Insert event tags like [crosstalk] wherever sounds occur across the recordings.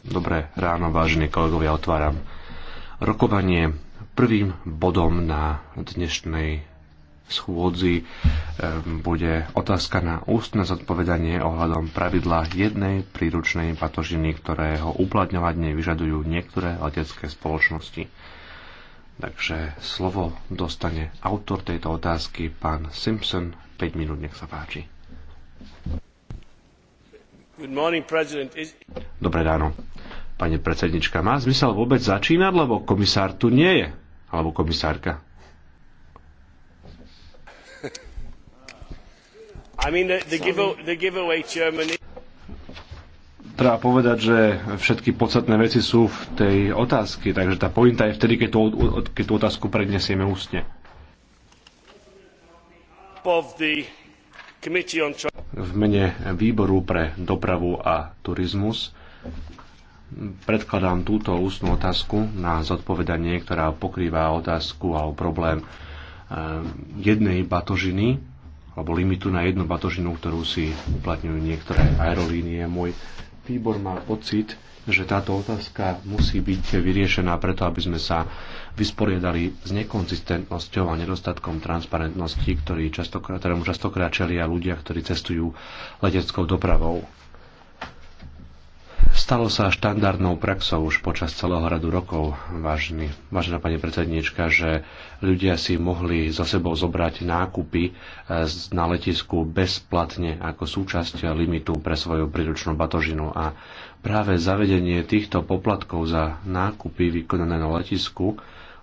Dobré ráno, vážení kolegovia, otváram rokovanie prvým bodom na dnešnej schôdzi bude otázka na ústne zodpovedanie ohľadom pravidla jednej príručnej patožiny, ktorého uplatňovanie vyžadujú niektoré letecké spoločnosti. Takže slovo dostane autor tejto otázky, pán Simpson. 5 minút, nech sa páči. Dobré ráno. Pani predsednička, má zmysel vôbec začínať, lebo komisár tu nie je? Alebo komisárka? Treba povedať, že všetky podstatné veci sú v tej otázke, takže tá pointa je vtedy, keď tú, keď tú otázku predniesieme ústne. Of the v mene Výboru pre dopravu a turizmus predkladám túto ústnu otázku na zodpovedanie, ktorá pokrýva otázku alebo problém eh, jednej batožiny alebo limitu na jednu batožinu, ktorú si uplatňujú niektoré aerolínie. Môj výbor má pocit, že táto otázka musí byť vyriešená preto, aby sme sa vysporiadali s nekonzistentnosťou a nedostatkom transparentnosti, ktorý častokrát, ktorému častokrát čelia ľudia, ktorí cestujú leteckou dopravou. Stalo sa štandardnou praxou už počas celého radu rokov, vážny, vážená pani predsedníčka, že ľudia si mohli za sebou zobrať nákupy e, na letisku bezplatne ako súčasť limitu pre svoju príručnú batožinu a práve zavedenie týchto poplatkov za nákupy vykonané na letisku,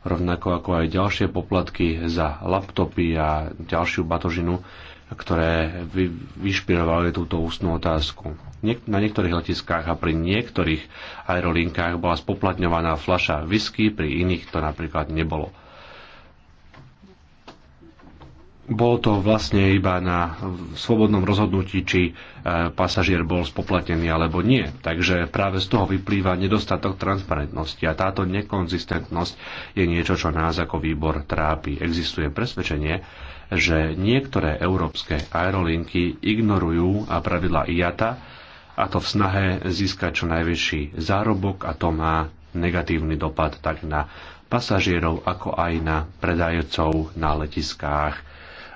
rovnako ako aj ďalšie poplatky za laptopy a ďalšiu batožinu, ktoré vy, vyšpirovali túto ústnú otázku. Niek- na niektorých letiskách a pri niektorých aerolinkách bola spoplatňovaná fľaša whisky, pri iných to napríklad nebolo bolo to vlastne iba na svobodnom rozhodnutí, či e, pasažier bol spoplatený alebo nie. Takže práve z toho vyplýva nedostatok transparentnosti a táto nekonzistentnosť je niečo, čo nás ako výbor trápi. Existuje presvedčenie, že niektoré európske aerolinky ignorujú a pravidla IATA a to v snahe získať čo najväčší zárobok a to má negatívny dopad tak na pasažierov, ako aj na predajcov na letiskách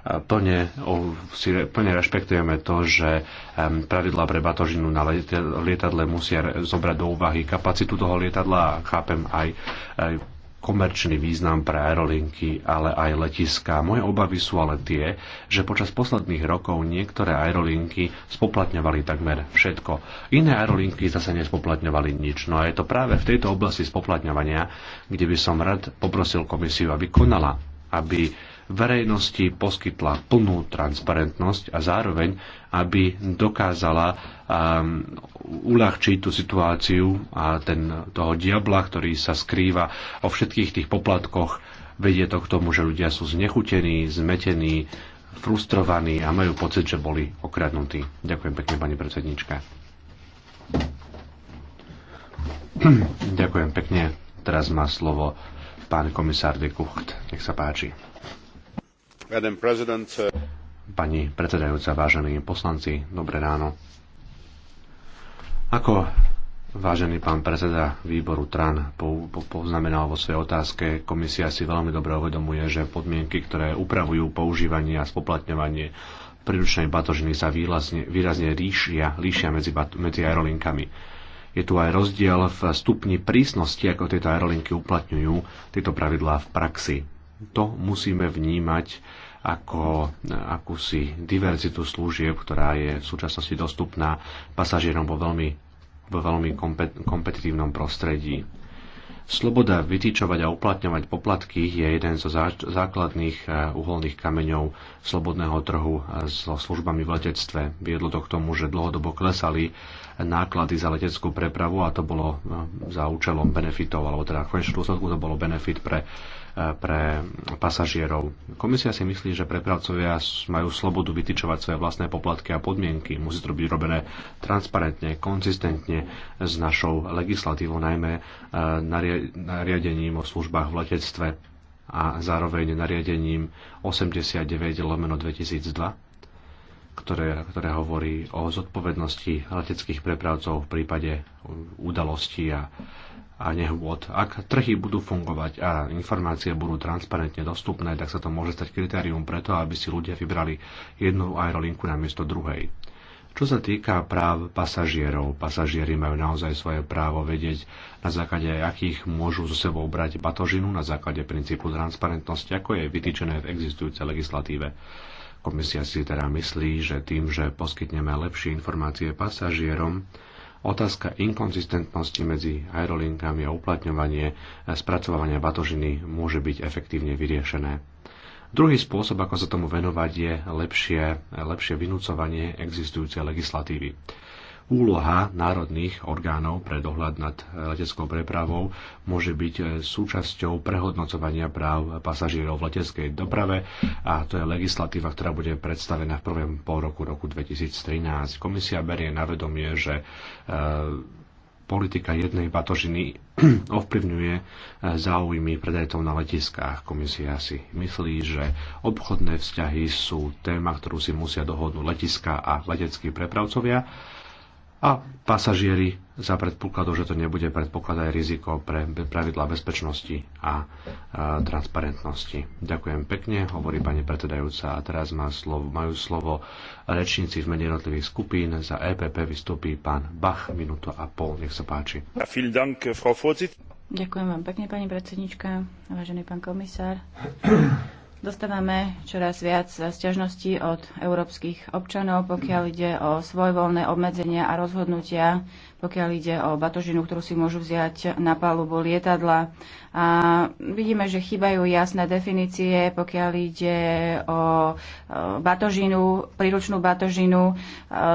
plne, si, plne rešpektujeme to, že pravidlá pre batožinu na lietadle musia zobrať do úvahy kapacitu toho lietadla a chápem aj, komerčný význam pre aerolinky, ale aj letiska. Moje obavy sú ale tie, že počas posledných rokov niektoré aerolinky spoplatňovali takmer všetko. Iné aerolinky zase nespoplatňovali nič. No a je to práve v tejto oblasti spoplatňovania, kde by som rád poprosil komisiu, aby konala, aby verejnosti poskytla plnú transparentnosť a zároveň, aby dokázala um, uľahčiť tú situáciu a ten, toho diabla, ktorý sa skrýva o všetkých tých poplatkoch, vedie to k tomu, že ľudia sú znechutení, zmetení, frustrovaní a majú pocit, že boli okradnutí. Ďakujem pekne, pani predsednička. Ďakujem pekne. Teraz má slovo pán komisár de Kucht. Nech sa páči. Uh, Pani predsedajúca, vážení poslanci, dobré ráno. Ako vážený pán predseda výboru TRAN poznamenal vo svojej otázke, komisia si veľmi dobre uvedomuje, že podmienky, ktoré upravujú používanie a spoplatňovanie príručnej batožiny sa výrazne, výrazne líšia medzi, medzi aerolinkami. Je tu aj rozdiel v stupni prísnosti, ako tieto aerolinky uplatňujú tieto pravidlá v praxi. To musíme vnímať ako e, akúsi diverzitu služieb, ktorá je v súčasnosti dostupná pasažierom vo veľmi, vo veľmi kompet, kompetitívnom prostredí. Sloboda vytýčovať a uplatňovať poplatky je jeden zo základných e, uholných kameňov slobodného trhu so službami v letectve. Viedlo to k tomu, že dlhodobo klesali náklady za leteckú prepravu a to bolo e, za účelom benefitov, alebo teda v konečnom dôsledku to bolo benefit pre pre pasažierov. Komisia si myslí, že prepravcovia majú slobodu vytyčovať svoje vlastné poplatky a podmienky. Musí to byť robené transparentne, konzistentne s našou legislatívou, najmä e, nariadením o službách v letectve a zároveň nariadením 89 lomeno 2002 ktoré, ktoré hovorí o zodpovednosti leteckých prepravcov v prípade e, udalosti a a nehôd. Ak trhy budú fungovať a informácie budú transparentne dostupné, tak sa to môže stať kritérium preto, aby si ľudia vybrali jednu aerolinku namiesto druhej. Čo sa týka práv pasažierov, pasažieri majú naozaj svoje právo vedieť, na základe akých môžu so sebou brať batožinu, na základe princípu transparentnosti, ako je vytýčené v existujúcej legislatíve. Komisia si teda myslí, že tým, že poskytneme lepšie informácie pasažierom, Otázka inkonzistentnosti medzi aerolinkami a uplatňovanie e, spracovania batožiny môže byť efektívne vyriešené. Druhý spôsob, ako sa tomu venovať, je lepšie, e, lepšie vynúcovanie existujúcej legislatívy. Úloha národných orgánov pre dohľad nad eh, leteckou prepravou môže byť eh, súčasťou prehodnocovania práv pasažierov v leteckej doprave a to je legislatíva, ktorá bude predstavená v prvom pol roku roku 2013. Komisia berie na vedomie, že eh, politika jednej batožiny [clears throat] ovplyvňuje záujmy predajtov na letiskách. Komisia si myslí, že obchodné vzťahy sú téma, ktorú si musia dohodnúť letiska a leteckí prepravcovia a pasažieri za predpokladu, že to nebude predpokladať riziko pre pravidlá bezpečnosti a transparentnosti. Ďakujem pekne, hovorí pani predsedajúca. A teraz má slovo, majú slovo rečníci v mene jednotlivých skupín. Za EPP vystúpí pán Bach, minúto a pol. Nech sa páči. Ďakujem vám pekne, pani predsednička, vážený pán komisár. Dostávame čoraz viac sťažností od európskych občanov, pokiaľ ide o svojvoľné obmedzenia a rozhodnutia pokiaľ ide o batožinu, ktorú si môžu vziať na palubu lietadla. A vidíme, že chýbajú jasné definície, pokiaľ ide o e, batožinu, príručnú batožinu. E,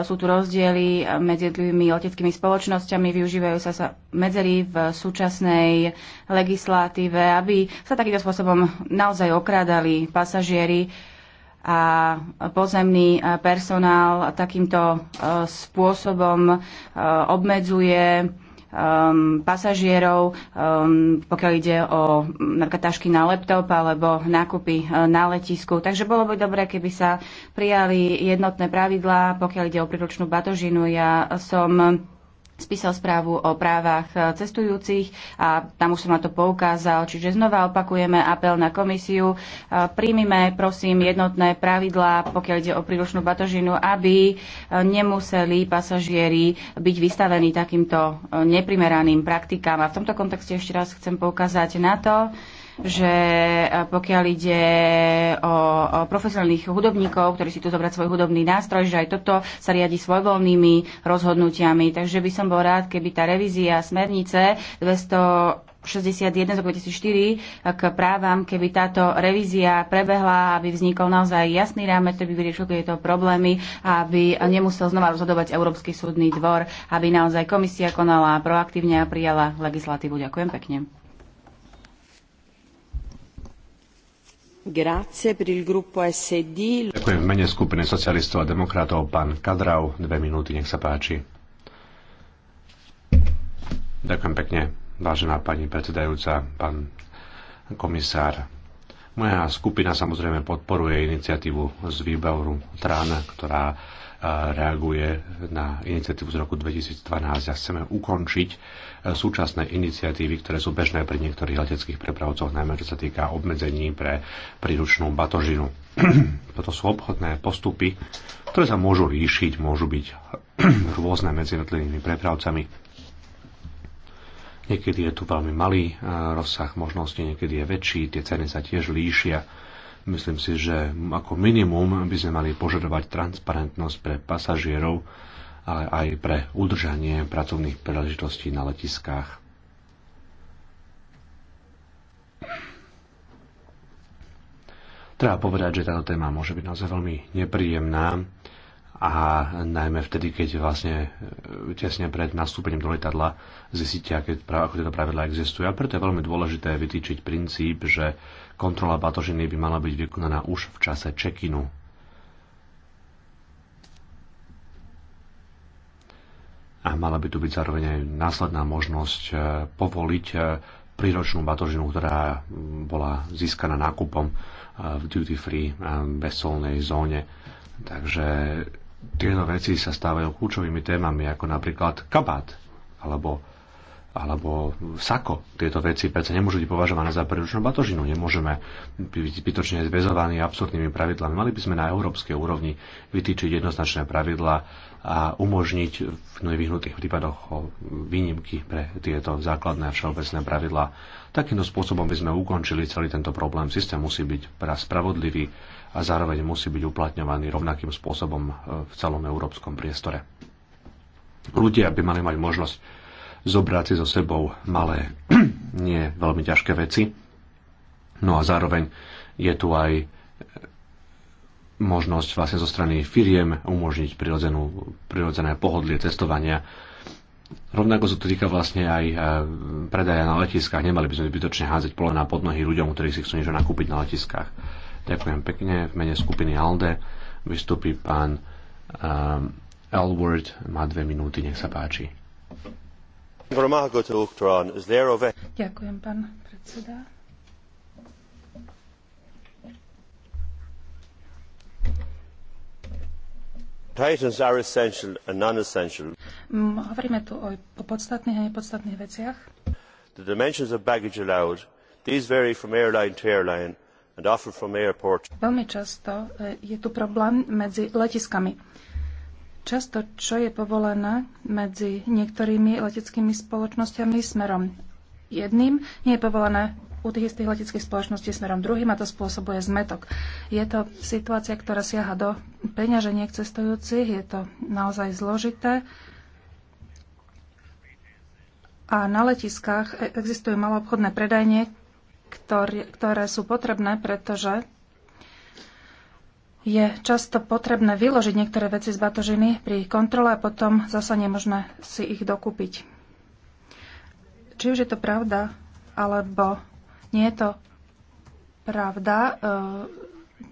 sú tu rozdiely medzi jednotlivými leteckými spoločnosťami, využívajú sa, sa medzery v súčasnej legislatíve, aby sa takýmto spôsobom naozaj okrádali pasažieri a pozemný e, personál takýmto e, spôsobom e, obmedzuje um, pasažierov, um, pokiaľ ide o napríklad tašky na laptop alebo nákupy na letisku. Takže bolo by dobré, keby sa prijali jednotné pravidlá, pokiaľ ide o príručnú batožinu. Ja som spísal správu o právach eh, cestujúcich a tam už som na to poukázal. Čiže znova opakujeme apel na komisiu. Eh, príjmime, prosím, jednotné pravidlá, pokiaľ ide o príručnú batožinu, aby eh, nemuseli pasažieri byť vystavení takýmto neprimeraným praktikám. A v tomto kontexte ešte raz chcem poukázať na to, že eh, pokiaľ ide o, o profesionálnych hudobníkov, ktorí si tu zobrať svoj hudobný nástroj, že aj toto sa riadi svojvoľnými rozhodnutiami. Takže by som bol rád, keby tá revízia smernice 200 61 z roku 2004 eh, k právam, keby táto revízia prebehla, aby vznikol naozaj jasný rámec, ktorý by vyriešil tieto problémy, aby nemusel znova rozhodovať Európsky súdny dvor, aby naozaj komisia konala proaktívne a prijala legislatívu. Ďakujem pekne. Ďakujem v mene skupiny socialistov a demokratov. Pán Kadrav, dve minúty, nech sa páči. Ďakujem pekne, vážená pani predsedajúca, pán komisár. Moja skupina samozrejme podporuje iniciatívu z výboru TRAN, ktorá reaguje na iniciatívu z roku 2012 a chceme ukončiť e, súčasné iniciatívy, ktoré sú bežné pri niektorých leteckých prepravcoch, najmä čo sa týka obmedzení pre príručnú batožinu. [clears throat] Toto sú obchodné postupy, ktoré sa môžu líšiť, môžu byť [clears throat] rôzne medzi jednotlivými prepravcami. Niekedy je tu veľmi malý e, rozsah možností, niekedy je väčší, tie ceny sa tiež líšia Myslím si, že ako minimum by sme mali požadovať transparentnosť pre pasažierov, ale aj pre udržanie pracovných príležitostí na letiskách. Treba povedať, že táto téma môže byť naozaj veľmi nepríjemná a najmä vtedy, keď vlastne e, tesne pred nastúpením do letadla zistíte, aké, ako tieto pravidla existujú. A preto je veľmi dôležité vytýčiť princíp, že kontrola batožiny by mala byť vykonaná už v čase check-inu. A mala by tu byť zároveň aj následná možnosť e, povoliť e, príročnú batožinu, ktorá bola získaná nákupom v duty free bezcolnej zóne. Takže tieto veci sa stávajú kľúčovými témami, ako napríklad kabát alebo, alebo sako. Tieto veci predsa nemôžu byť považované za príručnú batožinu. Nemôžeme byť bytočne zväzovaní absurdnými pravidlami. Mali by sme na európskej úrovni vytýčiť jednoznačné pravidla a umožniť v nevyhnutých prípadoch výnimky pre tieto základné a všeobecné pravidlá. Takýmto spôsobom by sme ukončili celý tento problém. Systém musí byť spravodlivý a zároveň musí byť uplatňovaný rovnakým spôsobom e, v celom európskom priestore. Ľudia by mali mať možnosť zobrať si so sebou malé, [clears throat] nie veľmi ťažké veci. No a zároveň je tu aj e, možnosť vlastne zo strany firiem umožniť prirodzenú, prirodzené pohodlie cestovania. Rovnako sa to týka vlastne aj e, predaja na letiskách. Nemali by sme zbytočne hádzať pole na podnohy ľuďom, ktorí si chcú niečo nakúpiť na letiskách. Ďakujem pekne. V mene skupiny ALDE vystúpi pán um, ehm, Elward. Má dve minúty, nech sa páči. Ďakujem, pán predseda. Titans are essential non-essential. and mm, Hovoríme tu o, o podstatných a nepodstatných veciach. The dimensions of baggage allowed, these vary from airline to airline Veľmi často e, je tu problém medzi letiskami. Často, čo je povolené medzi niektorými leteckými spoločnosťami smerom jedným, nie je povolené u tých istých leteckých spoločností smerom druhým a to spôsobuje zmetok. Je to situácia, ktorá siaha do peňaženiek cestujúcich, je to naozaj zložité. A na letiskách e, existujú maloobchodné predajne, ktoré, ktoré sú potrebné, pretože je často potrebné vyložiť niektoré veci z batožiny pri kontrole a potom zasa nemožné si ich dokúpiť. Či už je to pravda, alebo nie je to pravda, e,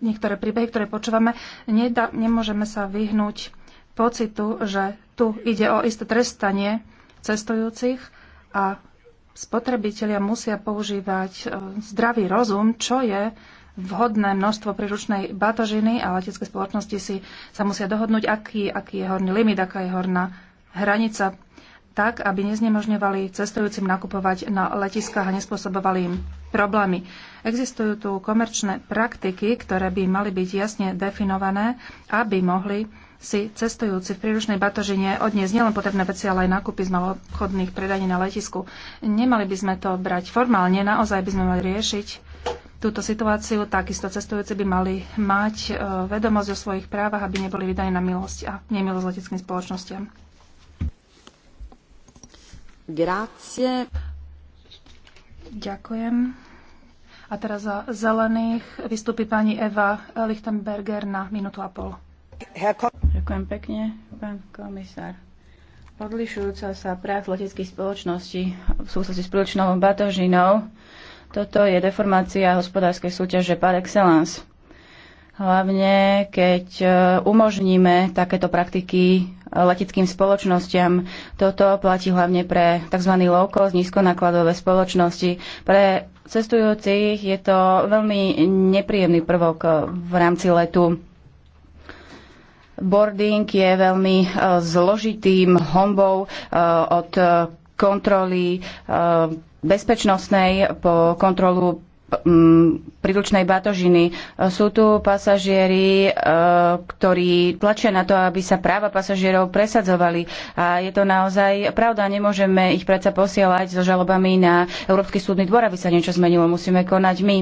niektoré príbehy, ktoré počúvame, nedá, nemôžeme sa vyhnúť pocitu, že tu ide o isté trestanie cestujúcich a spotrebitelia musia používať e, zdravý rozum, čo je vhodné množstvo príručnej batožiny a letecké spoločnosti si sa musia dohodnúť, aký, aký je horný limit, aká je horná hranica, tak, aby neznemožňovali cestujúcim nakupovať na letiskách a nespôsobovali im problémy. Existujú tu komerčné praktiky, ktoré by mali byť jasne definované, aby mohli si cestujúci v príručnej batožine odniesť nielen potrebné veci, ale aj nákupy z maloobchodných predaní na letisku. Nemali by sme to brať formálne, naozaj by sme mali riešiť túto situáciu. Takisto cestujúci by mali mať e, vedomosť o svojich právach, aby neboli vydaní na milosť a nemilosť leteckým spoločnostiam. Grácie. Ďakujem. A teraz za zelených vystúpi pani Eva Lichtenberger na minútu a pol. Ďakujem pekne, pán komisár. Odlišujúca sa prax leteckých spoločností v súvislosti s príličnou batožinou, toto je deformácia hospodárskej súťaže par excellence. Hlavne, keď e, umožníme takéto praktiky e, leteckým spoločnosťam. Toto platí hlavne pre tzv. low cost, nízkonákladové spoločnosti. Pre cestujúcich je to veľmi nepríjemný prvok e, v rámci letu Boarding je veľmi e, zložitým hombou e, od e, kontroly bezpečnostnej po kontrolu mm, príručnej batožiny. Sú tu pasažieri, ktorí tlačia na to, aby sa práva pasažierov presadzovali. A je to naozaj pravda. Nemôžeme ich predsa posielať so žalobami na Európsky súdny dvor, aby sa niečo zmenilo. Musíme konať my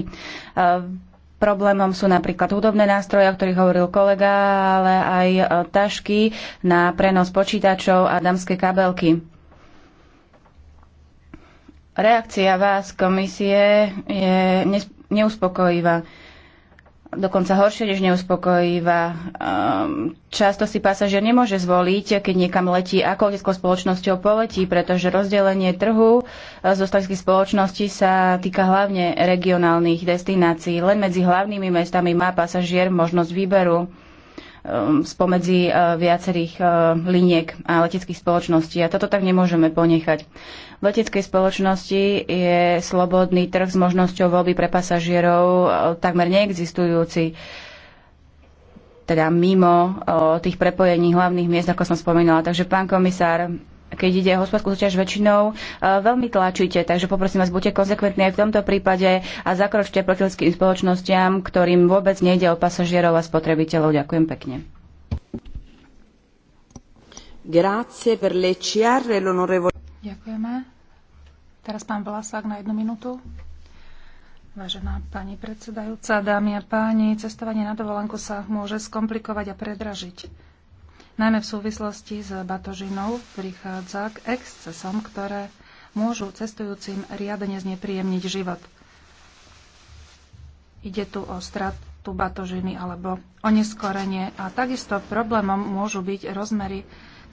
Problémom sú napríklad hudobné nástroje, o ktorých hovoril kolega, ale aj e, tašky na prenos počítačov a dámske kabelky. Reakcia vás, komisie, je neuspokojivá dokonca horšie než neuspokojivá. Ehm, často si pasažier nemôže zvoliť, keď niekam letí, ako leteckou spoločnosťou poletí, pretože rozdelenie trhu e, z ostatných spoločností sa týka hlavne regionálnych destinácií. Len medzi hlavnými mestami má pasažier možnosť výberu. Um, spomedzi uh, viacerých uh, liniek a leteckých spoločností. A toto tak nemôžeme ponechať. V leteckej spoločnosti je slobodný trh s možnosťou voľby pre pasažierov uh, takmer neexistujúci teda mimo o, tých prepojení hlavných miest, ako som spomínala. Takže, pán komisár, keď ide o hospodárskú súťaž väčšinou, e, veľmi tlačíte. Takže poprosím vás, buďte konsekventní aj v tomto prípade a zakročte proti ľudským spoločnostiam, ktorým vôbec nejde o pasažierov a spotrebiteľov. Ďakujem pekne. E Ďakujeme. Teraz pán Vlasák na jednu minútu. Vážená pani predsedajúca, dámy a páni, cestovanie na dovolenku sa môže skomplikovať a predražiť. Najmä v súvislosti s batožinou prichádza k excesom, ktoré môžu cestujúcim riadne znepríjemniť život. Ide tu o stratu batožiny alebo oneskorenie a takisto problémom môžu byť rozmery,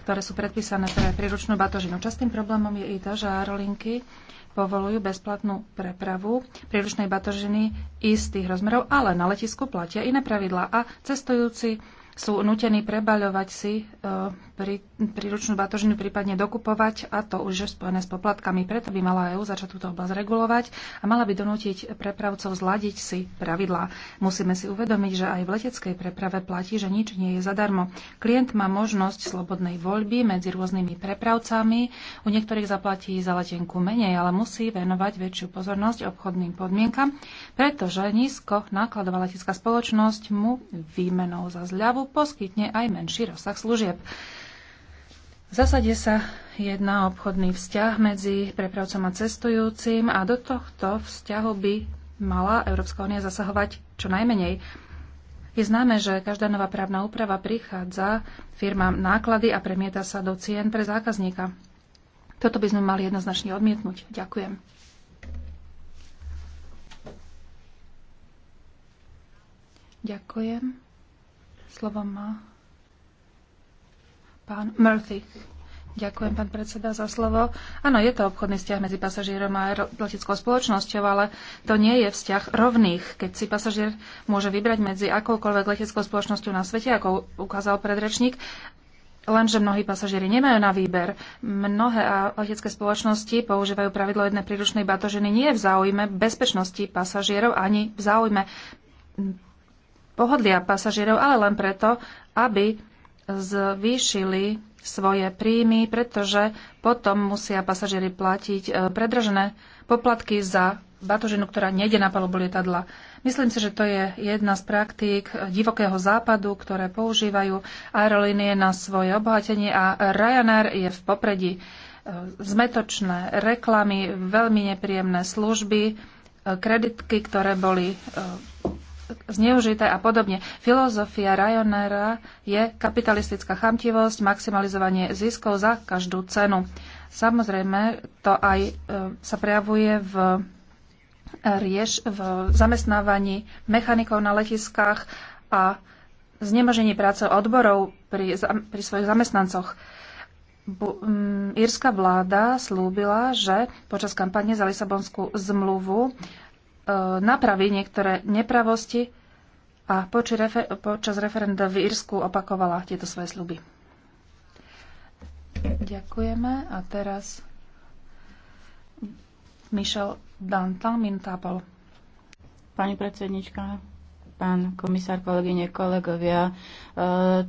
ktoré sú predpísané pre príručnú batožinu. Častým problémom je i to, že aerolinky povolujú bezplatnú prepravu príručnej batožiny istých rozmerov, ale na letisku platia iné pravidlá a cestujúci sú nutení prebaľovať si e, prí, príručnú batožinu, prípadne dokupovať a to už je spojené s poplatkami. Preto by mala EU začať túto oblasť regulovať a mala by donútiť prepravcov zladiť si pravidlá. Musíme si uvedomiť, že aj v leteckej preprave platí, že nič nie je zadarmo. Klient má možnosť slobodnej voľby medzi rôznymi prepravcami. U niektorých zaplatí za letenku menej, ale musí venovať väčšiu pozornosť obchodným podmienkam, pretože nízko nákladová letecká spoločnosť mu výmenou za zľavu trhu poskytne aj menší rozsah služieb. V zásade sa jedná obchodný vzťah medzi prepravcom a cestujúcim a do tohto vzťahu by mala Európska únia zasahovať čo najmenej. Je známe, že každá nová právna úprava prichádza firmám náklady a premieta sa do cien pre zákazníka. Toto by sme mali jednoznačne odmietnúť. Ďakujem. Ďakujem. Slovo má pán Murphy. Ďakujem, pán predseda, za slovo. Áno, je to obchodný vzťah medzi pasažierom a leteckou spoločnosťou, ale to nie je vzťah rovných. Keď si pasažier môže vybrať medzi akoukoľvek leteckou spoločnosťou na svete, ako ukázal predrečník, Lenže mnohí pasažieri nemajú na výber. Mnohé letecké spoločnosti používajú pravidlo jednej príručnej batožiny nie v záujme bezpečnosti pasažierov ani v záujme pohodlia pasažierov, ale len preto, aby zvýšili svoje príjmy, pretože potom musia pasažieri platiť e, predražené poplatky za batožinu, ktorá nejde na palubu lietadla. Myslím si, že to je jedna z praktík divokého západu, ktoré používajú aerolínie na svoje obohatenie a Ryanair je v popredí. E, zmetočné reklamy, veľmi nepríjemné služby, e, kreditky, ktoré boli zneužité a podobne. Filozofia Ryanaira je kapitalistická chamtivosť, maximalizovanie ziskov za každú cenu. Samozrejme, to aj e, sa prejavuje v e, rieš v zamestnávaní mechanikov na letiskách a znemožení práce odborov pri, pri svojich zamestnancoch. Bu, um, írska vláda slúbila, že počas kampane za Lisabonskú zmluvu napraví niektoré nepravosti a počas referenda v Írsku opakovala tieto svoje sluby. Ďakujeme a teraz Michel Dantan, Mintapol. Pani predsednička, pán komisár, kolegyne, kolegovia, e,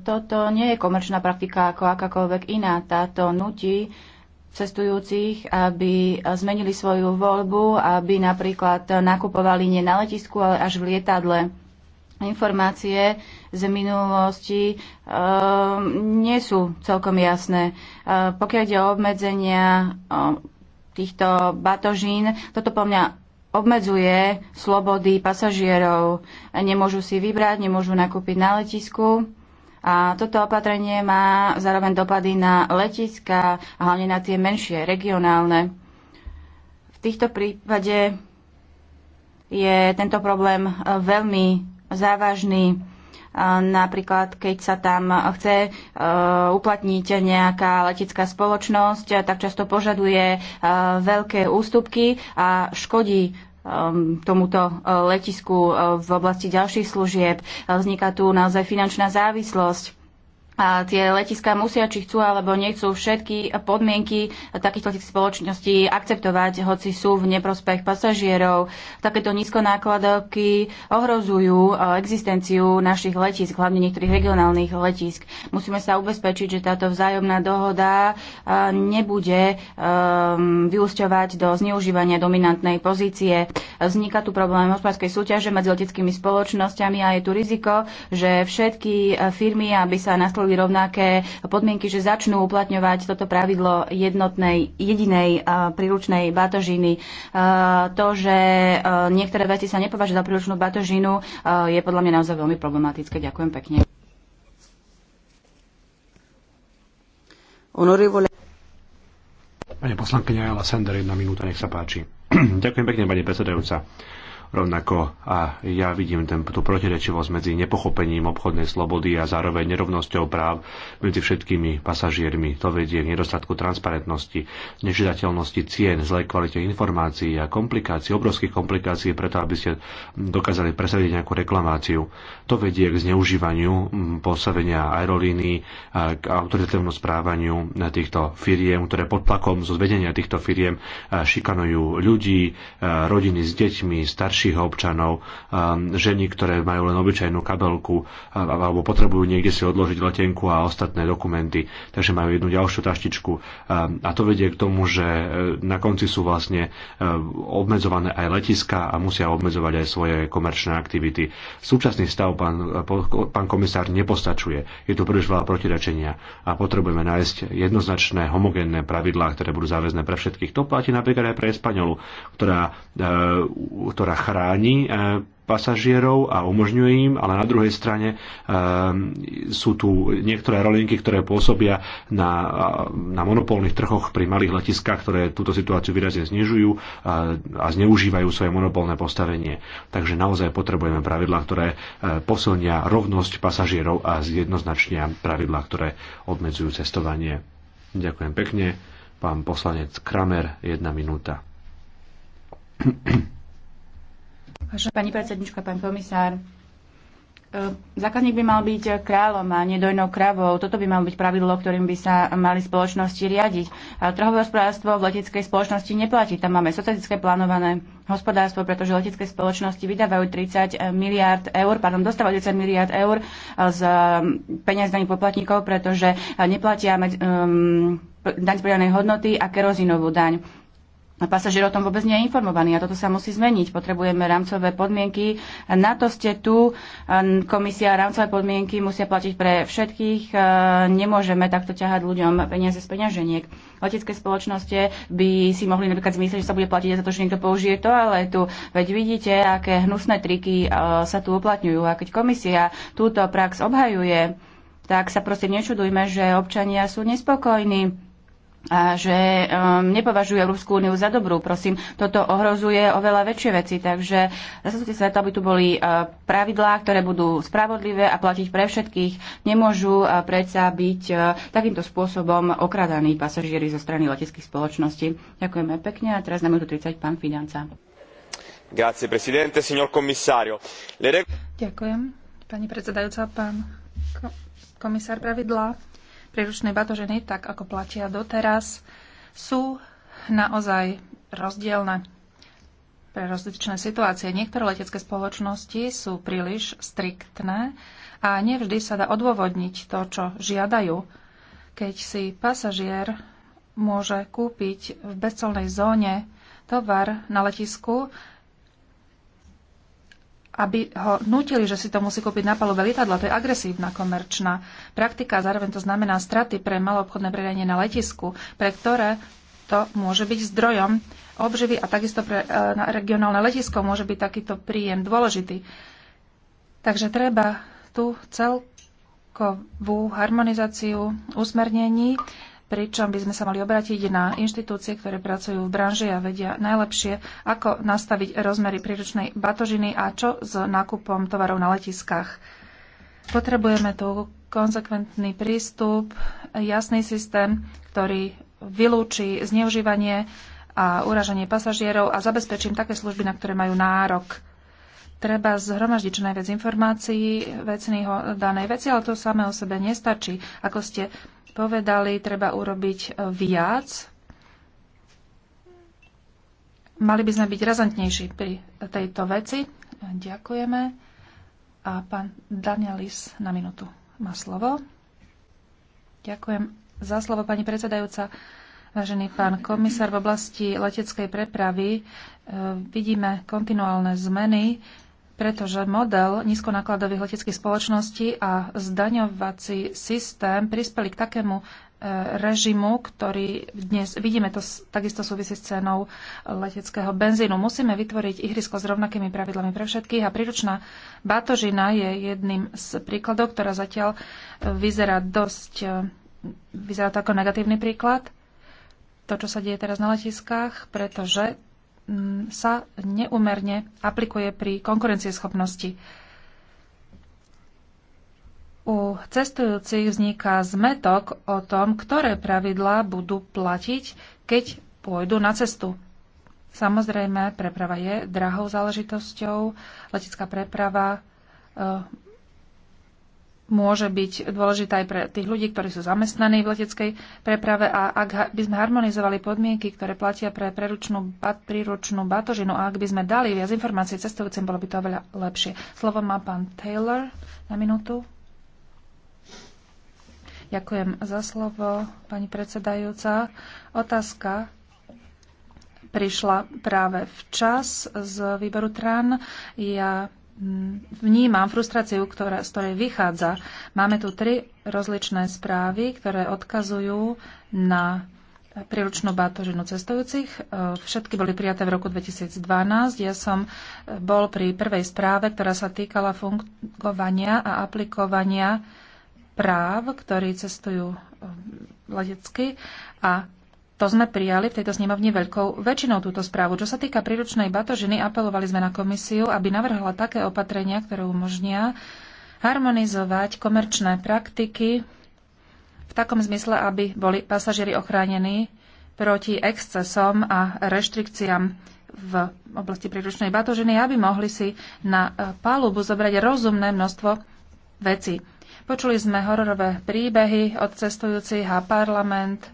toto nie je komerčná praktika ako akákoľvek iná. Táto nutí cestujúcich, aby zmenili svoju voľbu, aby napríklad nakupovali nie na letisku, ale až v lietadle. Informácie z minulosti e, nie sú celkom jasné. E, pokiaľ ide o obmedzenia e, týchto batožín, toto po mňa obmedzuje slobody pasažierov. Nemôžu si vybrať, nemôžu nakúpiť na letisku a toto opatrenie má zároveň dopady na letiska a hlavne na tie menšie, regionálne. V týchto prípade je tento problém e, veľmi závažný. E, napríklad, keď sa tam chce e, uplatniť nejaká letecká spoločnosť, tak často požaduje veľké ústupky a škodí Um, tomuto uh, letisku uh, v oblasti ďalších služieb. Uh, vzniká tu naozaj finančná závislosť a tie letiská musia, či chcú alebo nechcú, všetky podmienky takýchto spoločností akceptovať, hoci sú v neprospech pasažierov. Takéto nízkonákladovky ohrozujú e, existenciu našich letisk, hlavne niektorých regionálnych letisk. Musíme sa ubezpečiť, že táto vzájomná dohoda e, nebude e, vyúšťovať do zneužívania dominantnej pozície. Vzniká tu problém hospodárskej súťaže medzi leteckými spoločnosťami a je tu riziko, že všetky firmy, aby sa nastavili vytvorili rovnaké podmienky, že začnú uplatňovať toto pravidlo jednotnej, jedinej príručnej batožiny. To, že niektoré veci sa nepovažujú za príručnú batožinu, je podľa mňa naozaj veľmi problematické. Ďakujem pekne. Pani poslankyňa Jala Sender, jedna minúta, nech sa páči. [clears throat] Ďakujem pekne, pani predsedajúca. Rovnako a ja vidím ten, tú protirečivosť medzi nepochopením obchodnej slobody a zároveň nerovnosťou práv medzi všetkými pasažiermi. To vedie k nedostatku transparentnosti, nežiadateľnosti cien, zlej kvalite informácií a komplikácií, obrovských komplikácií preto, aby ste dokázali presadiť nejakú reklamáciu. To vedie k zneužívaniu postavenia a k autoritívnemu správaniu týchto firiem, ktoré pod tlakom zo zvedenia týchto firiem šikanujú ľudí, rodiny s deťmi, starší našich občanov, um, ženy, ktoré majú len obyčajnú kabelku um, alebo potrebujú niekde si odložiť letenku a ostatné dokumenty, takže majú jednu ďalšiu taštičku. Um, a to vedie k tomu, že e, na konci sú vlastne e, obmedzované aj letiska a musia obmedzovať aj svoje komerčné aktivity. Súčasný stav, pán, pán komisár, nepostačuje. Je tu príliš veľa protirečenia a potrebujeme nájsť jednoznačné, homogénne pravidlá, ktoré budú záväzné pre všetkých. To platí napríklad aj pre Espanolu, ktorá, e, ktorá chráni e, pasažierov a umožňuje im, ale na druhej strane e, sú tu niektoré rolinky, ktoré pôsobia na, na monopolných trhoch pri malých letiskách, ktoré túto situáciu výrazne znižujú a, e, a zneužívajú svoje monopolné postavenie. Takže naozaj potrebujeme pravidlá, ktoré e, posilnia rovnosť pasažierov a zjednoznačnia pravidlá, ktoré obmedzujú cestovanie. Ďakujem pekne. Pán poslanec Kramer, jedna minúta. Pani predsednička, pán komisár, e, zákazník by mal byť kráľom a nedojnou kravou. Toto by malo byť pravidlo, ktorým by sa mali spoločnosti riadiť. A trhové hospodárstvo v leteckej spoločnosti neplatí. Tam máme socialistické plánované hospodárstvo, pretože letecké spoločnosti vydávajú 30 miliard eur, pardon, dostávajú 30 miliard eur z e, peniaz poplatníkov, pretože neplatia um, daň z pridanej hodnoty a kerozínovú daň. No, pasažier o tom vôbec nie je informovaný a toto sa musí zmeniť. Potrebujeme rámcové podmienky. Na to ste tu. Ehm, komisia rámcové podmienky musia platiť pre všetkých. Ehm, nemôžeme takto ťahať ľuďom peniaze z peňaženiek. Letecké spoločnosti by si mohli napríklad zmyslieť, že sa bude platiť za to, že niekto použije toaletu. Veď vidíte, aké hnusné triky ehm, sa tu uplatňujú. A keď komisia túto prax obhajuje, tak sa proste nečudujme, že občania sú nespokojní a že um, nepovažujú Európsku úniu za dobrú. Prosím, toto ohrozuje oveľa väčšie veci, takže zase sa to, aby tu boli uh, pravidlá, ktoré budú spravodlivé a platiť pre všetkých. Nemôžu uh, predsa byť uh, takýmto spôsobom okradaní pasažieri zo strany leteckých spoločností. Ďakujeme pekne a teraz na minútu 30 pán Fidanca. Grazie, presidente, signor commissario. Le... Ďakujem, pani predsedajúca, pán komisár pravidlá príručné batožiny, tak ako platia doteraz, sú naozaj rozdielne pre rozličné situácie. Niektoré letecké spoločnosti sú príliš striktné a nevždy sa dá odôvodniť to, čo žiadajú. Keď si pasažier môže kúpiť v bezcolnej zóne tovar na letisku aby ho nutili, že si to musí kúpiť na palube lietadla. To je agresívna komerčná praktika zároveň to znamená straty pre maloobchodné predanie na letisku, pre ktoré to môže byť zdrojom obživy a takisto pre e, na regionálne letisko môže byť takýto príjem dôležitý. Takže treba tu celkovú harmonizáciu usmernení pričom by sme sa mali obrátiť na inštitúcie, ktoré pracujú v branži a vedia najlepšie, ako nastaviť rozmery príručnej batožiny a čo s nákupom tovarov na letiskách. Potrebujeme tu konzekventný prístup, jasný systém, ktorý vylúči zneužívanie a uraženie pasažierov a zabezpečím také služby, na ktoré majú nárok treba zhromaždiť čo najviac informácií vecných o danej veci, ale to samé o sebe nestačí. Ako ste povedali, treba urobiť e, viac. Mali by sme byť razantnejší pri tejto veci. Ďakujeme. A pán Danielis na minútu má slovo. Ďakujem za slovo, pani predsedajúca. Vážený pán komisár, v oblasti leteckej prepravy e, vidíme kontinuálne zmeny pretože model nízkonákladových leteckých spoločností a zdaňovací systém prispeli k takému e, režimu, ktorý dnes vidíme, to takisto súvisí s cenou leteckého benzínu. Musíme vytvoriť ihrisko s rovnakými pravidlami pre všetkých a príručná bátožina je jedným z príkladov, ktorá zatiaľ e, vyzerá dosť, e, vyzerá to ako negatívny príklad, to, čo sa deje teraz na letiskách, pretože Mm, sa neumerne aplikuje pri konkurencieschopnosti. U cestujúcich vzniká zmetok o tom, ktoré pravidlá budú platiť, keď pôjdu na cestu. Samozrejme, preprava je drahou záležitosťou, letecká preprava eh, môže byť dôležitá aj pre tých ľudí, ktorí sú zamestnaní v leteckej preprave a ak by sme harmonizovali podmienky, ktoré platia pre preručnú, príručnú batožinu a ak by sme dali viac informácií cestujúcim, bolo by to oveľa lepšie. Slovo má pán Taylor na minútu. Ďakujem za slovo, pani predsedajúca. Otázka prišla práve včas z výboru TRAN. Ja vnímam frustráciu, ktorá, z ktorej vychádza. Máme tu tri rozličné správy, ktoré odkazujú na príručnú batožinu cestujúcich. E, všetky boli prijaté v roku 2012. Ja som e, bol pri prvej správe, ktorá sa týkala fungovania a aplikovania práv, ktorí cestujú e, letecky a to sme prijali v tejto snemovni veľkou väčšinou túto správu. Čo sa týka príručnej batožiny, apelovali sme na komisiu, aby navrhla také opatrenia, ktoré umožnia harmonizovať komerčné praktiky v takom zmysle, aby boli pasažieri ochránení proti excesom a reštrikciám v oblasti príručnej batožiny, aby mohli si na palubu zobrať rozumné množstvo vecí. Počuli sme hororové príbehy od cestujúcich a parlament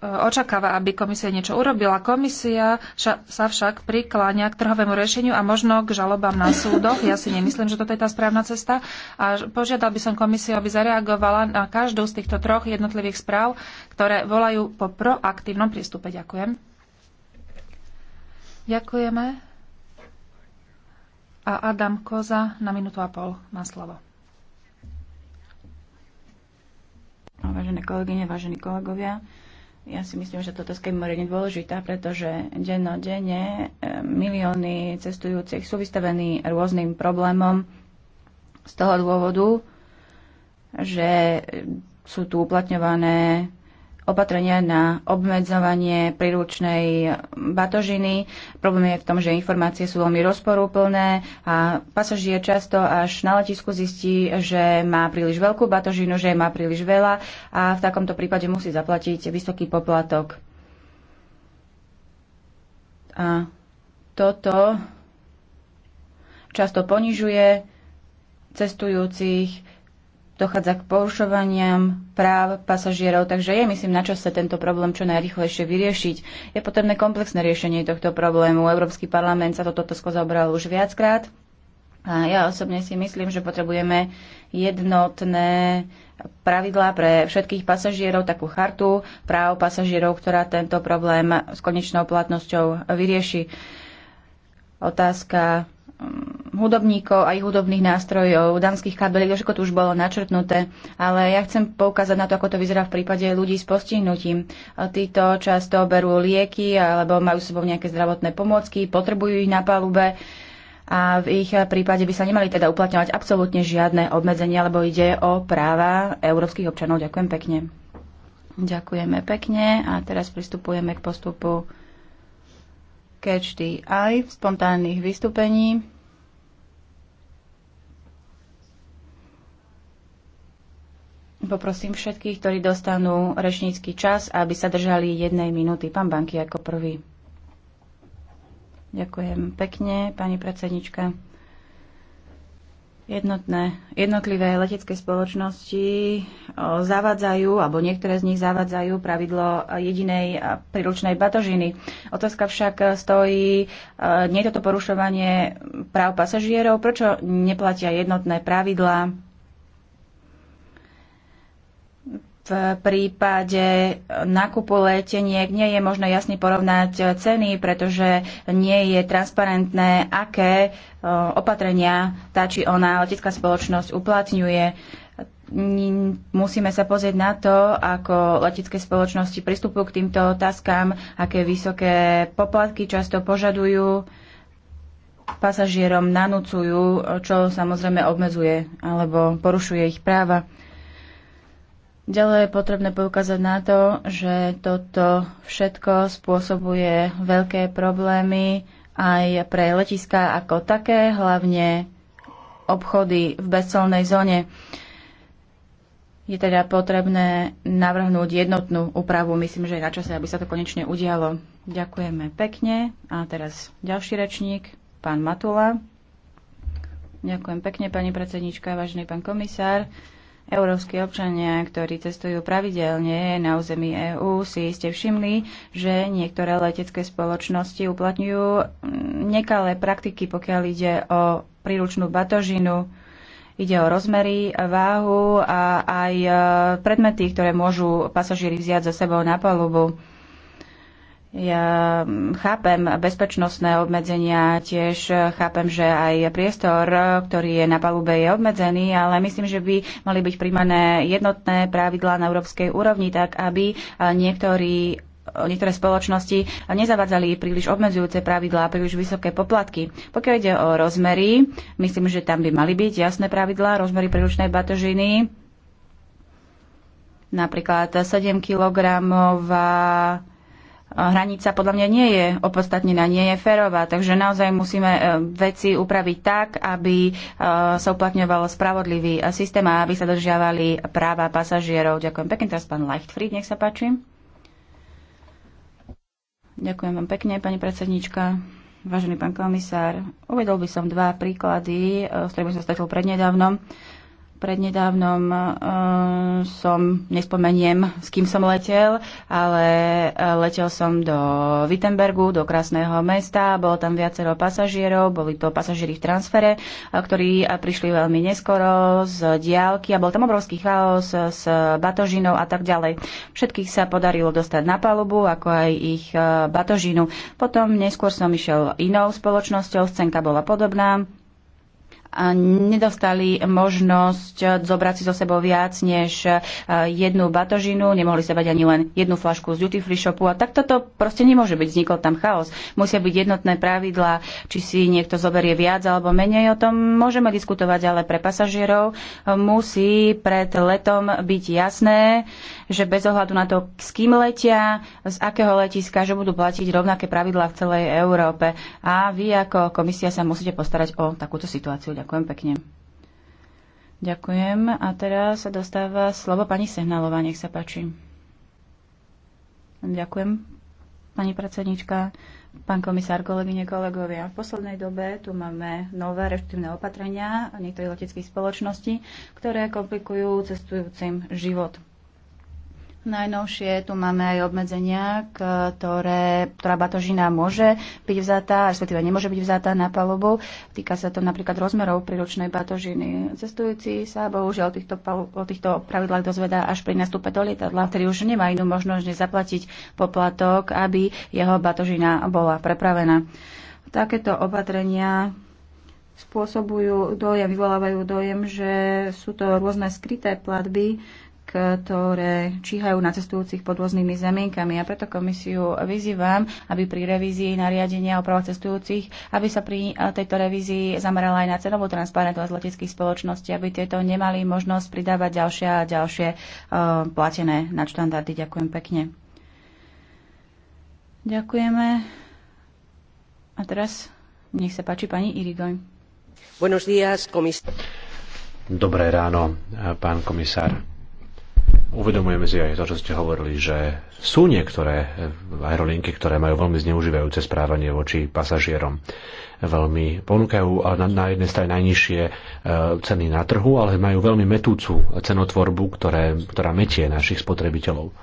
očakáva, aby komisia niečo urobila. Komisia sa však prikláňa k trhovému riešeniu a možno k žalobám na súdoch. Ja si nemyslím, že toto je tá správna cesta. A požiadal by som komisiu, aby zareagovala na každú z týchto troch jednotlivých správ, ktoré volajú po proaktívnom prístupe. Ďakujem. Ďakujeme. A Adam Koza na minútu a pol má slovo. Vážené kolegyne, vážení kolegovia, ja si myslím, že toto skateboarding je dôležitá, pretože dennodenne e, milióny cestujúcich sú vystavení rôznym problémom z toho dôvodu, že sú tu uplatňované opatrenia na obmedzovanie príručnej batožiny. Problém je v tom, že informácie sú veľmi rozporúplné a pasažier často až na letisku zistí, že má príliš veľkú batožinu, že má príliš veľa a v takomto prípade musí zaplatiť vysoký poplatok. A toto často ponižuje cestujúcich, dochádza k porušovaniam práv pasažierov, takže je myslím na čase tento problém čo najrychlejšie vyriešiť. Je potrebné komplexné riešenie tohto problému. Európsky parlament sa toto skôr zaobral už viackrát. A ja osobne si myslím, že potrebujeme jednotné pravidlá pre všetkých pasažierov, takú chartu práv pasažierov, ktorá tento problém s konečnou platnosťou vyrieši. Otázka mm, hudobníkov a ich hudobných nástrojov, danských kabelí, všetko tu už bolo načrtnuté, ale ja chcem poukázať na to, ako to vyzerá v prípade ľudí s postihnutím. Títo často berú lieky alebo majú s sebou nejaké zdravotné pomôcky, potrebujú ich na palube a v ich prípade by sa nemali teda uplatňovať absolútne žiadne obmedzenia, lebo ide o práva európskych občanov. Ďakujem pekne. Ďakujeme pekne a teraz pristupujeme k postupu catch the eye spontánnych vystúpení. Poprosím všetkých, ktorí dostanú rečnícky čas, aby sa držali jednej minúty. Pán Banky ako prvý. Ďakujem pekne, pani predsednička. Jednotné, jednotlivé letecké spoločnosti zavadzajú, alebo niektoré z nich zavadzajú pravidlo jedinej príručnej batožiny. Otázka však stojí, nie je toto porušovanie práv pasažierov, prečo neplatia jednotné pravidlá v prípade nákupu leteniek nie je možné jasne porovnať eh, ceny, pretože nie je transparentné, aké eh, opatrenia tá či ona letecká spoločnosť uplatňuje. Musíme sa pozrieť na to, ako letecké spoločnosti pristupujú k týmto otázkam, aké vysoké poplatky často požadujú, pasažierom nanúcujú, eh, čo samozrejme obmedzuje alebo porušuje ich práva. Ďalej je potrebné poukázať na to, že toto všetko spôsobuje veľké problémy aj pre letiská ako také, hlavne obchody v bezcelnej zóne. Je teda potrebné navrhnúť jednotnú úpravu. Myslím, že je na čase, aby sa to konečne udialo. Ďakujeme pekne. A teraz ďalší rečník, pán Matula. Ďakujem pekne, pani predsednička, vážený pán komisár. Európsky občania, ktorí cestujú pravidelne na území EÚ, si ste všimli, že niektoré letecké spoločnosti uplatňujú mm, nekalé praktiky, pokiaľ ide o príručnú batožinu. Ide o rozmery, váhu a aj e, predmety, ktoré môžu pasažíri vziať za sebou na palubu. Ja chápem bezpečnostné obmedzenia, tiež chápem, že aj priestor, ktorý je na palube, je obmedzený, ale myslím, že by mali byť príjmané jednotné pravidlá na európskej úrovni, tak aby niektorí niektoré spoločnosti nezavadzali príliš obmedzujúce pravidlá, príliš vysoké poplatky. Pokiaľ ide o rozmery, myslím, že tam by mali byť jasné pravidlá, rozmery príručnej batožiny, napríklad 7 kg hranica podľa mňa nie je opodstatnená, nie je férová, takže naozaj musíme e, veci upraviť tak, aby e, sa uplatňoval spravodlivý e, systém a aby sa dodržiavali práva pasažierov. Ďakujem pekne, teraz pán Leichtfried, nech sa páči. Ďakujem vám pekne, pani predsednička. Vážený pán komisár, uvedol by som dva príklady, s ktorými som stretol prednedávnom. nedávnom Prednedávnom uh, som, nespomeniem, s kým som letel, ale e, letel som do Wittenbergu, do krásneho mesta, bolo tam viacero pasažierov, boli to pasažieri v transfere, e, ktorí prišli veľmi neskoro z diálky a bol tam obrovský chaos s batožinou a tak ďalej. Všetkých sa podarilo dostať na palubu, ako aj ich batožinu. Potom neskôr som išiel inou spoločnosťou, scénka bola podobná, nedostali možnosť zobrať si so sebou viac než e, jednu batožinu, nemohli sa bať ani len jednu flašku z duty free shopu a tak toto proste nemôže byť, vznikol tam chaos. Musia byť jednotné pravidlá, či si niekto zoberie viac alebo menej, o tom môžeme diskutovať, ale pre pasažierov e, musí pred letom byť jasné, že bez ohľadu na to, s kým letia, z akého letiska, že budú platiť rovnaké pravidlá v celej Európe. A vy ako komisia sa musíte postarať o takúto situáciu. Ďakujem pekne. Ďakujem. A teraz sa dostáva slovo pani Sehnalová. Nech sa páči. Ďakujem, pani predsednička, pán komisár, kolegyne, kolegovia. V poslednej dobe tu máme nové reštitívne opatrenia niektorých leteckých spoločností, ktoré komplikujú cestujúcim život. Najnovšie tu máme aj obmedzenia, ktoré, ktorá batožina môže byť vzatá, respektíve nemôže byť vzatá na palubu. Týka sa to napríklad rozmerov príručnej batožiny. Cestujúci sa bohužiaľ o týchto, o týchto pravidlách dozvedá až pri nastupe do lietadla, ktorý už nemá inú možnosť nezaplatiť poplatok, aby jeho batožina bola prepravená. Takéto opatrenia spôsobujú dojem, vyvolávajú dojem, že sú to rôzne skryté platby, ktoré číhajú na cestujúcich pod rôznymi zemienkami. A preto komisiu vyzývam, aby pri revízii nariadenia o právach cestujúcich, aby sa pri tejto revízii zamerala aj na cenovú transparentnosť leteckých spoločností, aby tieto nemali možnosť pridávať ďalšie a ďalšie e, platené na štandardy. Ďakujem pekne. Ďakujeme. A teraz nech sa páči pani Irigoj. Buenos días, komis- Dobré ráno, pán komisár. Uvedomujeme si aj to, čo ste hovorili, že sú niektoré aerolinky, ktoré majú veľmi zneužívajúce správanie voči pasažierom. Veľmi ponúkajú na jednej strane najnižšie e, ceny na trhu, ale majú veľmi metúcu cenotvorbu, ktoré, ktorá metie našich spotrebiteľov.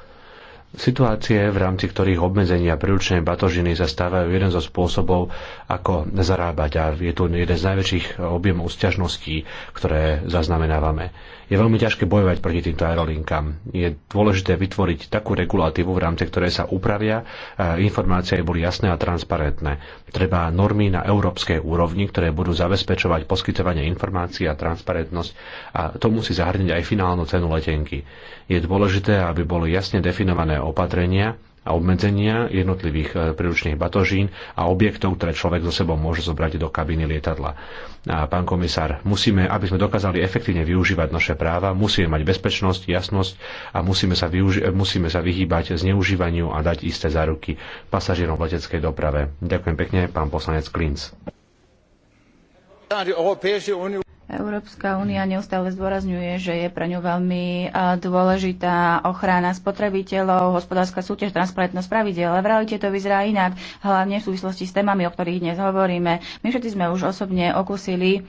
Situácie, v rámci ktorých obmedzenia príručnej batožiny sa stávajú jeden zo spôsobov, ako zarábať a je tu jeden z najväčších objemov sťažností, ktoré zaznamenávame je veľmi ťažké bojovať proti týmto aerolinkám. Je dôležité vytvoriť takú regulatívu, v rámci ktorej sa upravia, e, informácie boli jasné a transparentné. Treba normy na európskej úrovni, ktoré budú zabezpečovať poskytovanie informácií a transparentnosť a to musí zahrniť aj finálnu cenu letenky. Je dôležité, aby boli jasne definované opatrenia, a obmedzenia jednotlivých e, príručných batožín a objektov, ktoré človek so sebou môže zobrať do kabiny lietadla. A pán komisár, musíme, aby sme dokázali efektívne využívať naše práva, musíme mať bezpečnosť, jasnosť a musíme sa, využi- musíme sa vyhýbať zneužívaniu a dať isté záruky pasažierom v leteckej doprave. Ďakujem pekne, pán poslanec Klinc. Európska únia neustále zdôrazňuje, že je pre ňu veľmi dôležitá ochrana spotrebiteľov, hospodárska súťaž, transparentnosť pravidel. Ale v realite to vyzerá inak, hlavne v súvislosti s témami, o ktorých dnes hovoríme. My všetci sme už osobne okúsili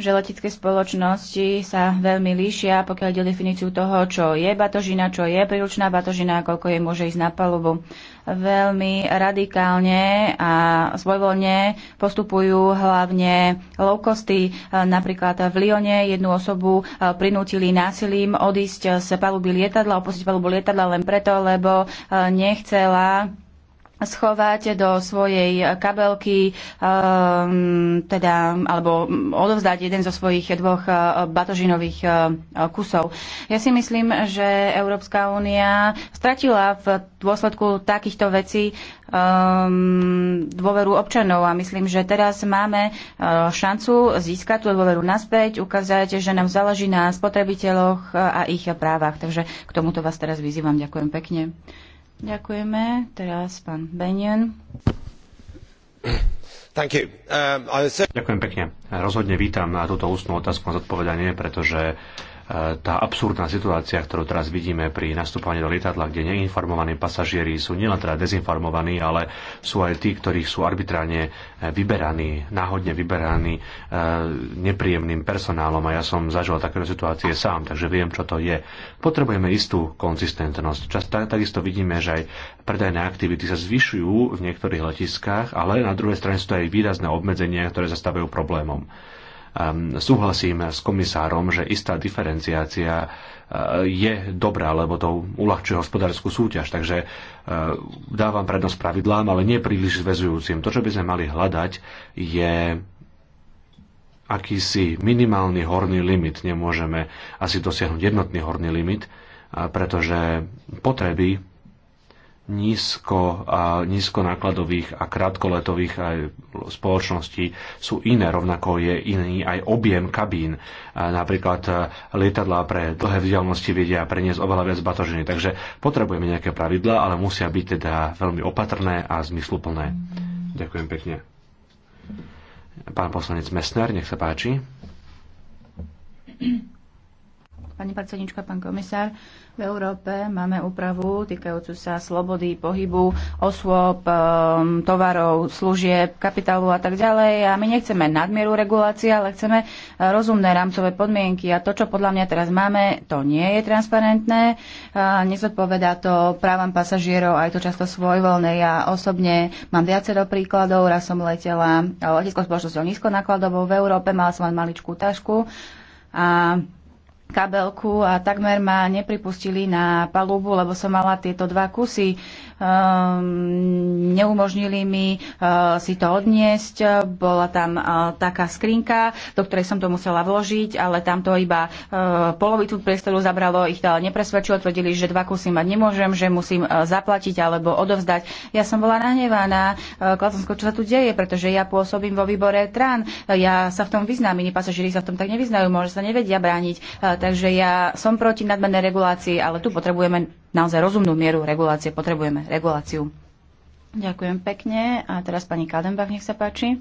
že letecké spoločnosti sa veľmi líšia, pokiaľ ide definíciu toho, čo je batožina, čo je príručná batožina a koľko jej môže ísť na palubu. Veľmi radikálne a svojvoľne postupujú hlavne low-costy. Napríklad v Lione jednu osobu eh, prinútili násilím odísť z paluby lietadla, opustiť palubu lietadla len preto, lebo eh, nechcela schovať do svojej kabelky, um, teda, alebo odovzdať jeden zo svojich dvoch eh, batožinových eh, kusov. Ja si myslím, že Európska únia stratila v dôsledku takýchto vecí um, dôveru občanov a myslím, že teraz máme eh, šancu získať tú dôveru naspäť, ukázať, že nám záleží na spotrebiteľoch a ich právach. Takže k tomuto vás teraz vyzývam. Ďakujem pekne. Ďakujeme. Teraz pán Benjen. Um, Ďakujem pekne. Rozhodne vítam na túto ústnú otázku na zodpovedanie, pretože tá absurdná situácia, ktorú teraz vidíme pri nastúpaní do lietadla, kde neinformovaní pasažieri sú nielen teda dezinformovaní, ale sú aj tí, ktorých sú arbitrálne vyberaní, náhodne vyberaní eh, nepríjemným personálom a ja som zažil takéto situácie sám, takže viem, čo to je. Potrebujeme istú konzistentnosť. Čas, takisto vidíme, že aj predajné aktivity sa zvyšujú v niektorých letiskách, ale na druhej strane sú to aj výrazné obmedzenia, ktoré zastavujú problémom. Ehm, súhlasím s komisárom, že istá diferenciácia e, je dobrá, lebo to uľahčuje hospodárskú súťaž. Takže e, dávam prednosť pravidlám, ale nie príliš zväzujúcim. To, čo by sme mali hľadať, je akýsi minimálny horný limit. Nemôžeme asi dosiahnuť jednotný horný limit, pretože potreby nízko, a nákladových a krátkoletových aj spoločností sú iné, rovnako je iný aj objem kabín. Napríklad e, lietadlá pre dlhé vzdialenosti vedia preniesť oveľa viac batožiny, takže potrebujeme nejaké pravidla, ale musia byť teda veľmi opatrné a zmysluplné. Ďakujem pekne. Pán poslanec Mesner, nech sa páči. Pani predsednička, pán komisár, v Európe máme úpravu týkajúcu sa slobody pohybu osôb, um, tovarov, služieb, kapitálu a tak ďalej. A my nechceme nadmieru regulácie, ale chceme uh, rozumné rámcové podmienky. A to, čo podľa mňa teraz máme, to nie je transparentné. A nezodpovedá to právam pasažierov, aj to často svojvoľné. Ja osobne mám viacero príkladov. Raz som letela uh, leteckou spoločnosťou nízko nákladovou v Európe, mala som len maličkú tašku. A kabelku a takmer ma nepripustili na palubu, lebo som mala tieto dva kusy Ehm, neumožnili mi eh, si to odniesť. Bola tam eh, taká skrinka, do ktorej som to musela vložiť, ale tam to iba eh, polovicu priestoru zabralo, ich to ale nepresvedčilo, tvrdili, že dva kusy mať nemôžem, že musím zaplatiť alebo odovzdať. Ja som bola nahnevaná, Klasonsko, čo sa tu deje, pretože ja pôsobím vo výbore TRAN, ja sa v tom vyznám, iní pasažíri sa v tom tak nevyznajú, môže sa nevedia brániť, takže ja som proti nadmernej regulácii, ale tu potrebujeme naozaj rozumnú mieru regulácie. Potrebujeme reguláciu. Ďakujem pekne. A teraz pani Kadenbach, nech sa páči.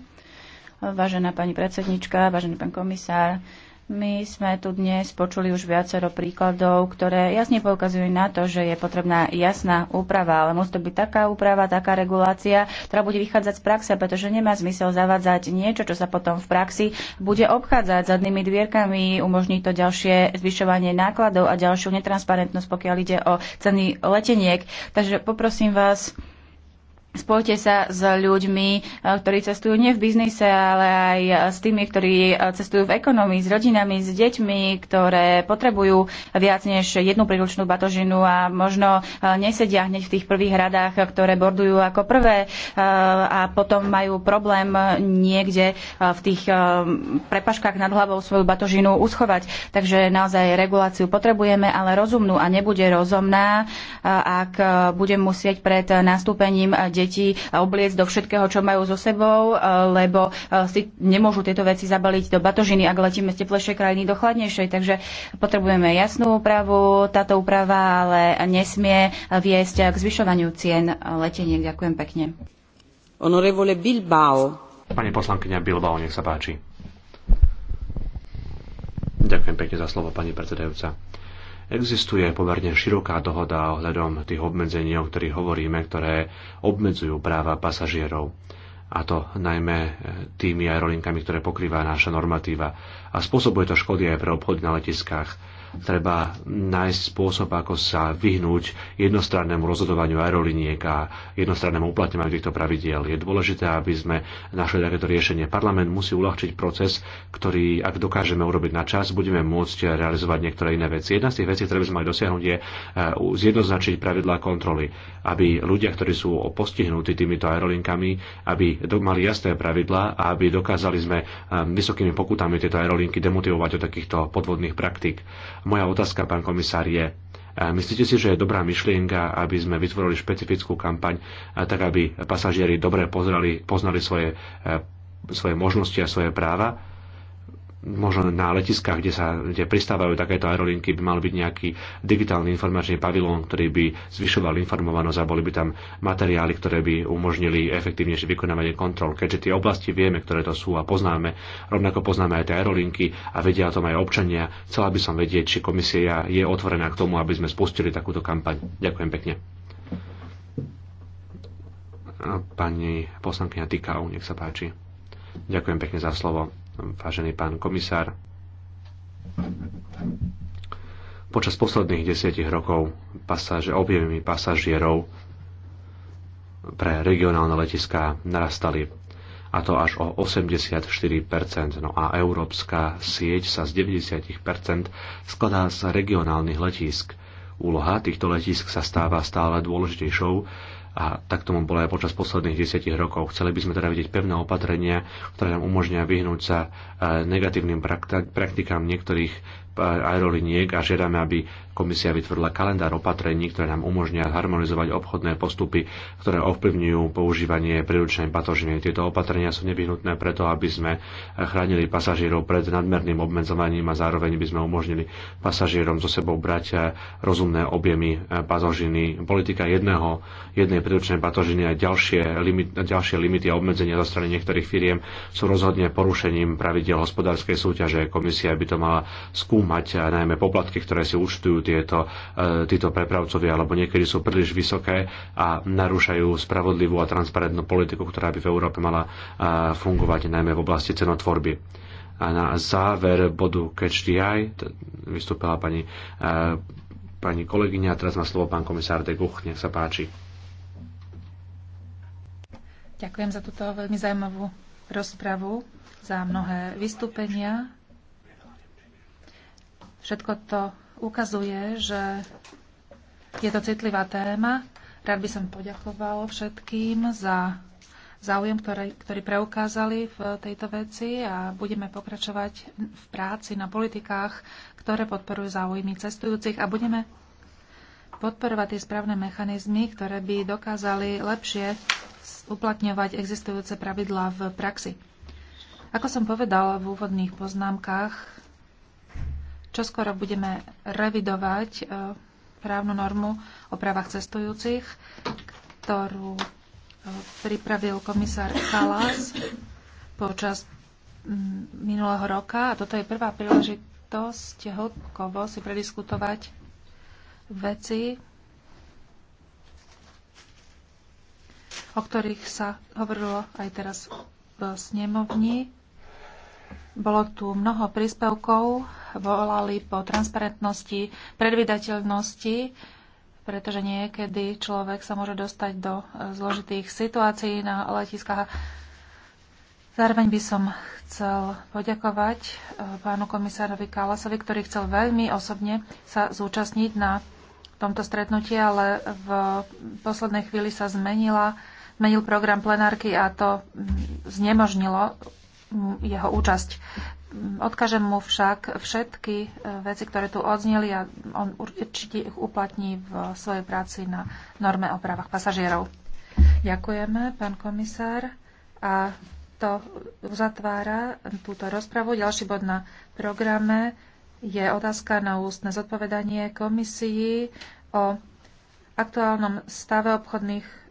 Vážená pani predsednička, vážený pán komisár, my sme tu dnes počuli už viacero príkladov, ktoré jasne poukazujú na to, že je potrebná jasná úprava, ale musí to byť taká úprava, taká regulácia, ktorá bude vychádzať z praxe, pretože nemá zmysel zavádzať niečo, čo sa potom v praxi bude obchádzať zadnými dvierkami, umožní to ďalšie zvyšovanie nákladov a ďalšiu netransparentnosť, pokiaľ ide o ceny leteniek. Takže poprosím vás, Spojte sa s ľuďmi, e, ktorí cestujú nie v biznise, ale aj e, s tými, ktorí e, cestujú v ekonomii, s rodinami, s deťmi, ktoré potrebujú viac než jednu príručnú batožinu a možno nesedia hneď v tých prvých radách, ktoré bordujú ako prvé a potom majú problém niekde v tých prepaškách nad hlavou svoju batožinu uschovať. Takže naozaj reguláciu potrebujeme, ale rozumnú a nebude rozumná, ak budem musieť pred nastúpením deti obliecť do všetkého, čo majú so sebou, e, lebo e, si nemôžu tieto veci zabaliť do batožiny, ak letíme z teplejšej krajiny do chladnejšej. Takže potrebujeme jasnú úpravu, táto úprava ale nesmie viesť k zvyšovaniu cien leteniek. Ďakujem pekne. Honorevole Bilbao. Pani poslankyňa Bilbao, nech sa páči. Ďakujem pekne za slovo, pani predsedajúca. Existuje pomerne široká dohoda ohľadom tých obmedzení, o ktorých hovoríme, ktoré obmedzujú práva pasažierov a to najmä e, tými aerolinkami, ktoré pokrýva naša normatíva. A spôsobuje to škody aj pre obchody na letiskách treba nájsť spôsob, ako sa vyhnúť jednostrannému rozhodovaniu aeroliniek a jednostrannému uplatňovaniu týchto pravidiel. Je dôležité, aby sme našli takéto riešenie. Parlament musí uľahčiť proces, ktorý, ak dokážeme urobiť na čas, budeme môcť realizovať niektoré iné veci. Jedna z tých vecí, ktoré by sme mali dosiahnuť, je eh, zjednoznačiť pravidlá kontroly, aby ľudia, ktorí sú postihnutí týmito aerolinkami, aby mali jasné pravidlá a aby dokázali sme eh, vysokými pokutami tieto aerolinky demotivovať od takýchto podvodných praktík. Moja otázka, pán komisár, je, Myslíte si, že je dobrá myšlienka, aby sme vytvorili špecifickú kampaň, tak aby pasažieri dobre pozrali, poznali svoje, e, svoje možnosti a svoje práva? možno na letiskách, kde, sa, kde pristávajú takéto aerolinky, by mal byť nejaký digitálny informačný pavilón, ktorý by zvyšoval informovanosť a boli by tam materiály, ktoré by umožnili efektívnejšie vykonávanie kontrol. Keďže tie oblasti vieme, ktoré to sú a poznáme, rovnako poznáme aj tie aerolinky a vedia o tom aj občania, chcela by som vedieť, či komisia je otvorená k tomu, aby sme spustili takúto kampaň. Ďakujem pekne. Pani poslankyňa Tikau, nech sa páči. Ďakujem pekne za slovo vážený pán komisár. Počas posledných desiatich rokov pasáže, objemy pasažierov pre regionálne letiská narastali a to až o 84%. No a európska sieť sa z 90% skladá z regionálnych letísk. Úloha týchto letísk sa stáva stále dôležitejšou a tak tomu bolo aj počas posledných desiatich rokov. Chceli by sme teda vidieť pevné opatrenia, ktoré nám umožnia vyhnúť sa eh, negatívnym praktikám niektorých aeroliniek a žiadame, aby komisia vytvorila kalendár opatrení, ktoré nám umožnia harmonizovať obchodné postupy, ktoré ovplyvňujú používanie príručnej patožiny. Tieto opatrenia sú nevyhnutné preto, aby sme chránili pasažierov pred nadmerným obmedzovaním a zároveň by sme umožnili pasažierom so sebou brať eh, rozumné objemy patožiny. Eh, Politika jedného, jednej príručnej patožiny a ďalšie, limit, ďalšie limity a obmedzenia zo strany niektorých firiem sú rozhodne porušením pravidel hospodárskej súťaže. Komisia by to mala skúmať mať eh, najmä poplatky, ktoré si účtujú tieto, eh, títo prepravcovia, alebo niekedy sú príliš vysoké a narúšajú spravodlivú a transparentnú politiku, ktorá by v Európe mala eh, fungovať najmä v oblasti cenotvorby. A na záver bodu Catch the Eye vystúpila pani, pani kolegyňa, a teraz má slovo pán komisár de Guch, nech sa páči. Ďakujem za túto veľmi zaujímavú rozpravu, za mnohé vystúpenia Všetko to ukazuje, že je to citlivá téma. Rád by som poďakoval všetkým za záujem, ktorý, ktorý preukázali v tejto veci a budeme pokračovať v práci na politikách, ktoré podporujú záujmy cestujúcich a budeme podporovať tie správne mechanizmy, ktoré by dokázali lepšie uplatňovať existujúce pravidlá v praxi. Ako som povedal v úvodných poznámkach, Čoskoro budeme revidovať e, právnu normu o právach cestujúcich, ktorú e, pripravil komisár Kalas počas mm, minulého roka. A toto je prvá príležitosť hĺbkovo si prediskutovať veci, o ktorých sa hovorilo aj teraz v snemovni bolo tu mnoho príspevkov, volali po transparentnosti, predvydateľnosti, pretože niekedy človek sa môže dostať do eh, zložitých situácií na letiskách. Zároveň by som chcel poďakovať eh, pánu komisárovi Kalasovi, ktorý chcel veľmi osobne sa zúčastniť na tomto stretnutí, ale v poslednej chvíli sa zmenila, zmenil program plenárky a to mm, znemožnilo jeho účasť. Odkažem mu však všetky e, veci, ktoré tu odzneli a on určite ich uplatní v svojej práci na norme o právach pasažierov. Ďakujeme, pán komisár. A to uzatvára túto rozpravu. Ďalší bod na programe je otázka na ústne zodpovedanie komisii o aktuálnom stave obchodných